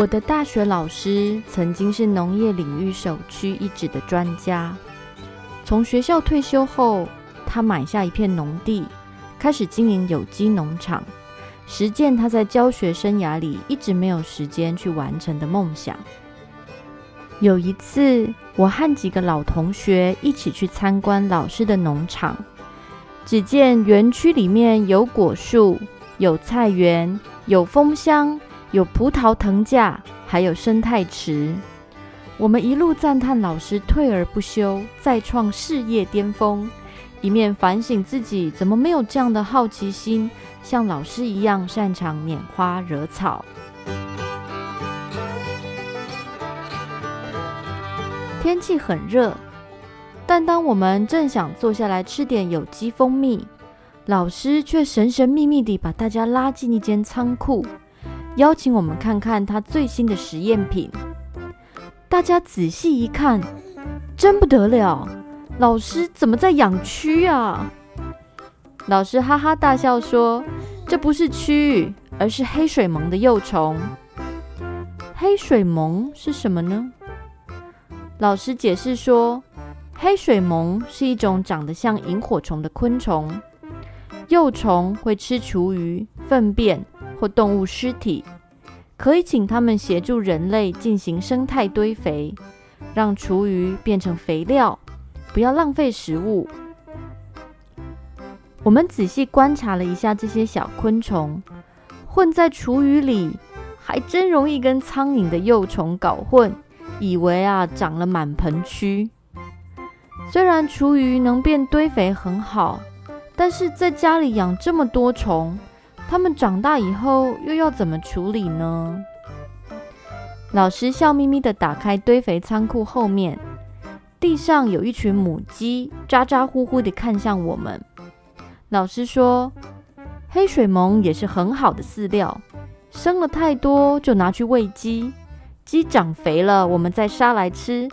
我的大學老師曾經是農業領域首屈一指的專家。從學校退休後，他買下一片農地，開始經營有機農場，實踐他在教學生涯裡一直沒有時間去完成的夢想。有一次，我和幾個老同學一起去參觀老師的農場，只見園區裡面有果樹、有菜園、有蜂箱。有葡萄藤架，還有生態池。我們一路讚嘆老師退而不休，再創事業巔峰，一面反省自己怎麼沒有這樣的好奇心，像老師一樣擅長拈花惹草。天氣很熱，但當我們正想坐下來吃點有機蜂蜜，老師卻神神秘秘地把大家拉進一間倉庫。邀請我們看看他最新的實驗品。大家仔細一看，真不得了！老師怎麼在養蛆啊？老師哈哈大笑說：“這不是蛆，而是黑水虻的幼蟲。”黑水虻是什麼呢？老師解釋說：“黑水虻是一種長得像螢火蟲的昆蟲，幼蟲會吃廚餘、糞便。”或動物屍體，可以請他們協助人類進行生態堆肥，讓廚餘變成肥料，不要浪費食物。我們仔細觀察了一下這些小昆蟲，混在廚餘裡，還真容易跟蒼蠅的幼蟲搞混，以為啊長了滿盆蛆。雖然廚餘能變堆肥很好，但是在家裡養這麼多蟲，他們長大以後又要怎麼處理呢？老師笑眯眯的打開堆肥倉庫，後面地上有一群母雞，咋咋呼呼的看向我們。老師說：“黑水虻也是很好的飼料，生了太多就拿去餵雞，雞長肥了我們再殺來吃，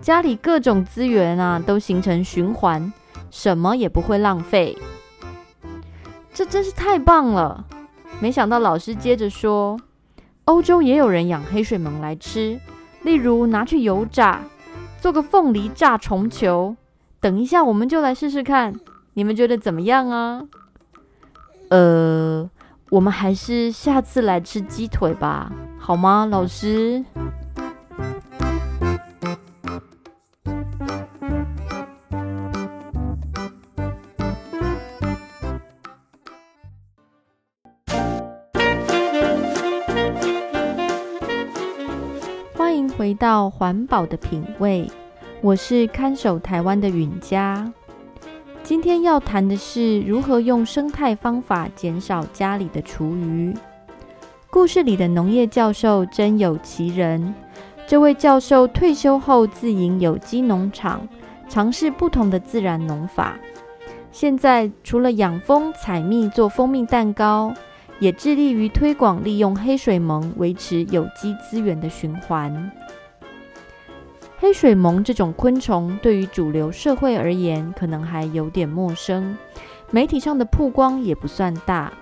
家裡各種資源啊都形成循環，什麼也不會浪費。”這真是太棒了！沒想到老師接着說，歐洲也有人養黑水虻來吃，例如拿去油炸，做個鳳梨炸蟲球。等一下我們就來試試看，你們覺得怎麼樣啊？呃，我們還是下次來吃雞腿吧，好嗎，老師？回到環保的品味，我是看守台灣的允嘉。今天要談的是如何用生態方法減少家裡的廚餘。故事裡的農業教授真有其人，這位教授退休後自營有機農場，嘗試不同的自然農法。現在除了養蜂採蜜做蜂蜜蛋糕，也致力於推廣利用黑水虻維持有機資源的循環。黑水虻這種昆蟲對於主流社會而言可能還有點陌生，媒體上的曝光也不算大，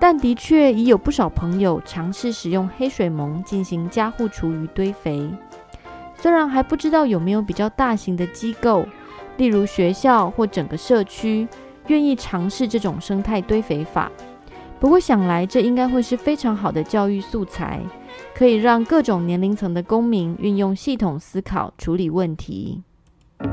但的確已有不少朋友嘗試使用黑水虻進行家戶廚餘堆肥。雖然還不知道有沒有比較大型的機構，例如學校或整個社區，願意嘗試這種生態堆肥法。不過想來，這應該會是非常好的教育素材，可以讓各種年齡層的公民運用系統思考處理問題。嗯。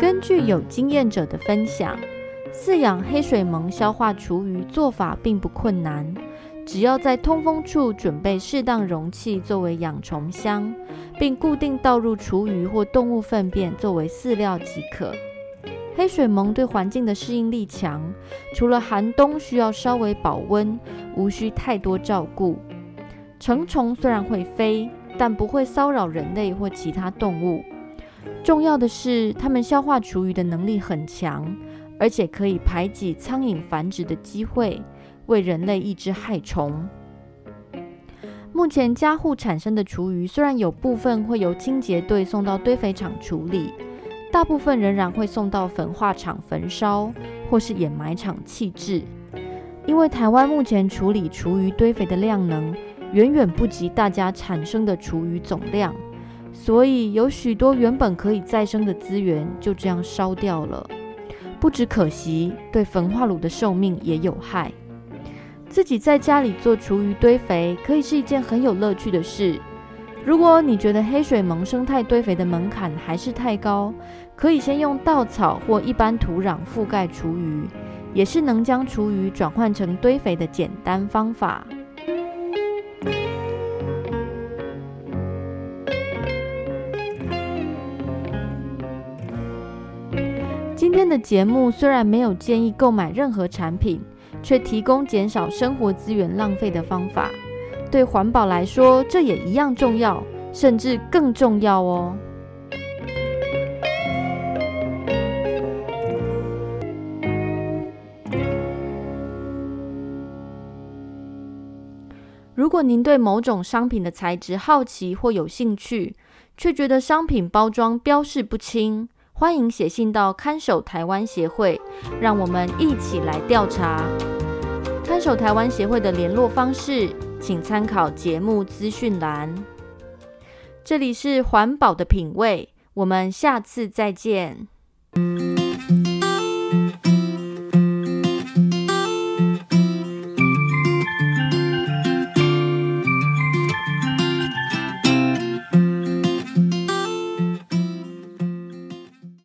根據有經驗者的分享，飼養黑水虻消化廚餘做法並不困難。只要在通風處準備適當容器作為養蟲箱，並固定倒入廚餘或動物糞便作為飼料即可。黑水虻對環境的適應力強，除了寒冬需要稍微保溫，無需太多照顧。成蟲雖然會飛，但不會騷擾人類或其他動物。重要的是，它們消化廚餘的能力很強，而且可以排擠蒼蠅繁殖的機會。為人類抑制害蟲。目前，家戶產生的廚餘雖然有部分會由清潔隊送到堆肥場處理，大部分仍然會送到焚化廠焚燒，或是掩埋場棄置。因為台灣目前處理廚餘堆肥的量能，遠遠不及大家產生的廚餘總量，所以有許多原本可以再生的資源就這樣燒掉了。不只可惜，對焚化爐的壽命也有害。自己在家裡做廚餘堆肥，可以是一件很有樂趣的事。如果你覺得黑水虻生態堆肥的門檻還是太高，可以先用稻草或一般土壤覆蓋廚餘，也是能將廚餘轉換成堆肥的簡單方法。今天的節目雖然沒有建議購買任何產品。卻提供減少生活資源浪費的方法，對環保來說，這也一樣重要，甚至更重要哦。如果您對某種商品的材質好奇或有興趣，卻覺得商品包裝標示不清，歡迎寫信到看守台灣協會，讓我們一起來調查。看守台灣協會的聯絡方式，請參考節目資訊欄。這裡是環保的品味，我們下次再見。